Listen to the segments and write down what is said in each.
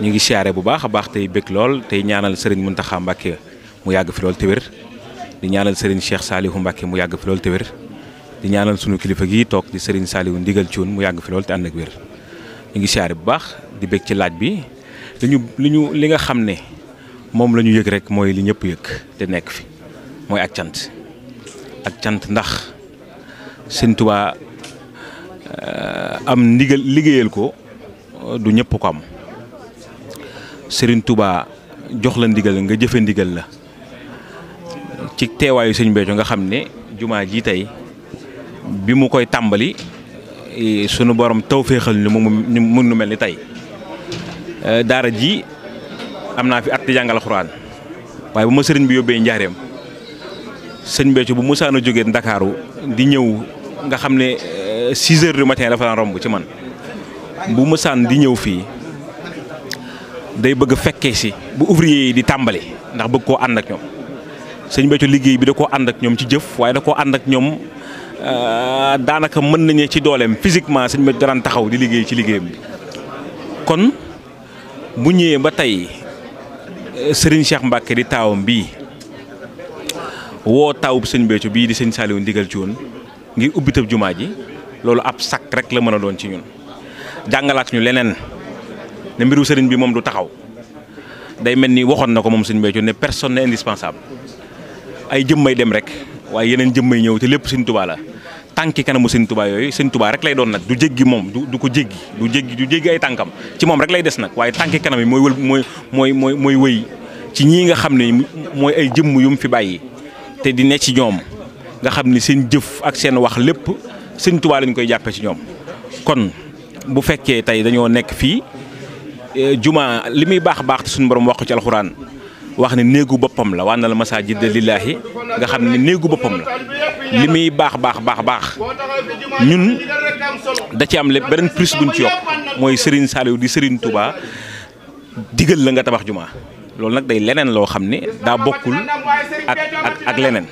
ñu ngi siyaare bu baax a baax tey bëgg lool tey ñaanal Serigne Mountakha Mbacké mu yàgg fi lool te wér di ñaanal Serigne Cheikh Saliou Mbacké mu yàgg fi lool te wér di ñaanal sunu kilifa gii toog di Serigne Saliou ndigal Thioune mu yàgg fi lool te ànd ak wér ñu ngi siyaare bu baax di bëgg ci laaj bi li ñu li nga xam ne moom lañu yëg rek mooy li ñëpp yëg te nekk fi mooy ak cant ak cant ndax Sëñ Tuubaa euh, am ndigal liggéeyal ko du ñëpp ko am. sëriñ Touba jox la ndigal nga jëfe ndigal la ci teewaayu sëñ Béthio nga xam ne jumaa ji tey bi mu koy tàmbali e, sunu borom tawféexal ni mu nu mel ni tey e, daara ji am naa fi at di jàngal xuraan waaye bu ma sëriñ bi yóbbee njaareem sëñ Béthio bu musaana jóge ndakaaru di ñëw nga xam ne e, six heures du matin dafa daan romb ci man bu musaan di ñëw fii day bëgg fekkee si bu ouvrier yi di tàmbali ndax bëgg koo ànd ak ñoom sëñ Béthio liggéey bi da koo ànd ak ñoom ci jëf waaye da koo ànd ak ñoom euh, daanaka mën nañu ci dooleem physiquement sëñ Béthio daan taxaw di liggéey ci liggéeyam bi kon bu ñëwee ba tey euh, sëriñ Cheikh Mbacke di taawam bii woo taawub sëñ Béthio bii di sëñ Saliou ndigal ci woon ngir ubbitab jumaa ji loolu ab sakk rek la mën a doon ci ñun jàngalaat ñu leneen. ne mbiru sëriñ bi moom du taxaw day mel ni waxoon na ko moom sëñ Béthio ne personne n'est indispensable ay jëmmay dem rek waaye yeneen jëmmay ñëw te lépp sëñ Tuubaa la tànki kanamu sëñ Tuubaa yooyu sëñ Tuubaa rek lay doon nag du jéggi moom du ko jéggi du jéggi du jéggi ay tànkam ci moom rek lay des nag waaye tànki kanam yi mooy wël mooy mooy mooy mooy wëy ci ñii nga xam ne mooy ay jëmm yu mu fi bàyyi te di ne ci ñoom nga xam ni seen jëf ak seen wax lépp sëñ Tuubaa lañ koy jàppe ci ñoom kon bu fekkee tey dañoo nekk fii Eh, jumaa li muy baax a baax te suñu borom wax ci alxuraan wax ne néegu boppam la waan na la masaajida lillaahi nga xam ne néegu boppam la li muy baax baax baax baax ñun da ci am lépp beneen plus buñ ci yokk mooy Serigne Saliou di Serigne Touba digal la nga tabax juma. loolu nag day leneen loo xam ne daa bokkul ak ak ak leneen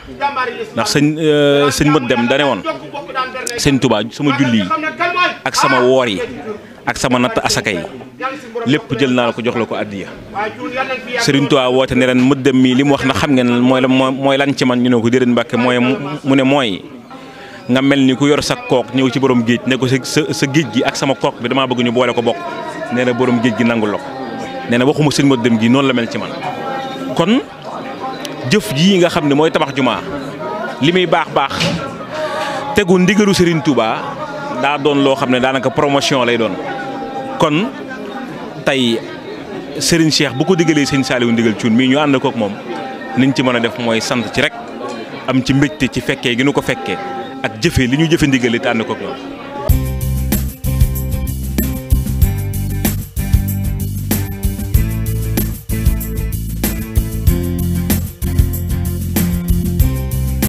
ndax sëñ eh, sëñ mot dem dane woon seen tubaa sama julli yi ak sama woor yi ak sama natt asaka yi lépp jël naa ko jox la ko addiya sëriñ Tuubaa woote ne ren mëddam mii li mu wax na xam ngeen mooy la mooy lan ci man ñu ne ko déedéet mbàkke mooy mu ne mooy nga mel ni ku yor sa kook ñëw ci borom géej ne ko sa gi ak sama bi bëgg ñu boole ko borom gi nangul waxuma gi la mel ci man kon jëf jii nga xam ne mooy tabax jumaa li muy baax daa doon loo xam ne daanaka promotion lay doon kon tey Serigne Cheikh bu ko digalee sëñ Saliou ndigal cuun mii ñu ànd kook moom niñ ci mën a def mooy sant ci rek am ci mbégte ci fekkee gi nu ko fekkee ak jëfe li ñu jëfe ndigal it ànd kook moom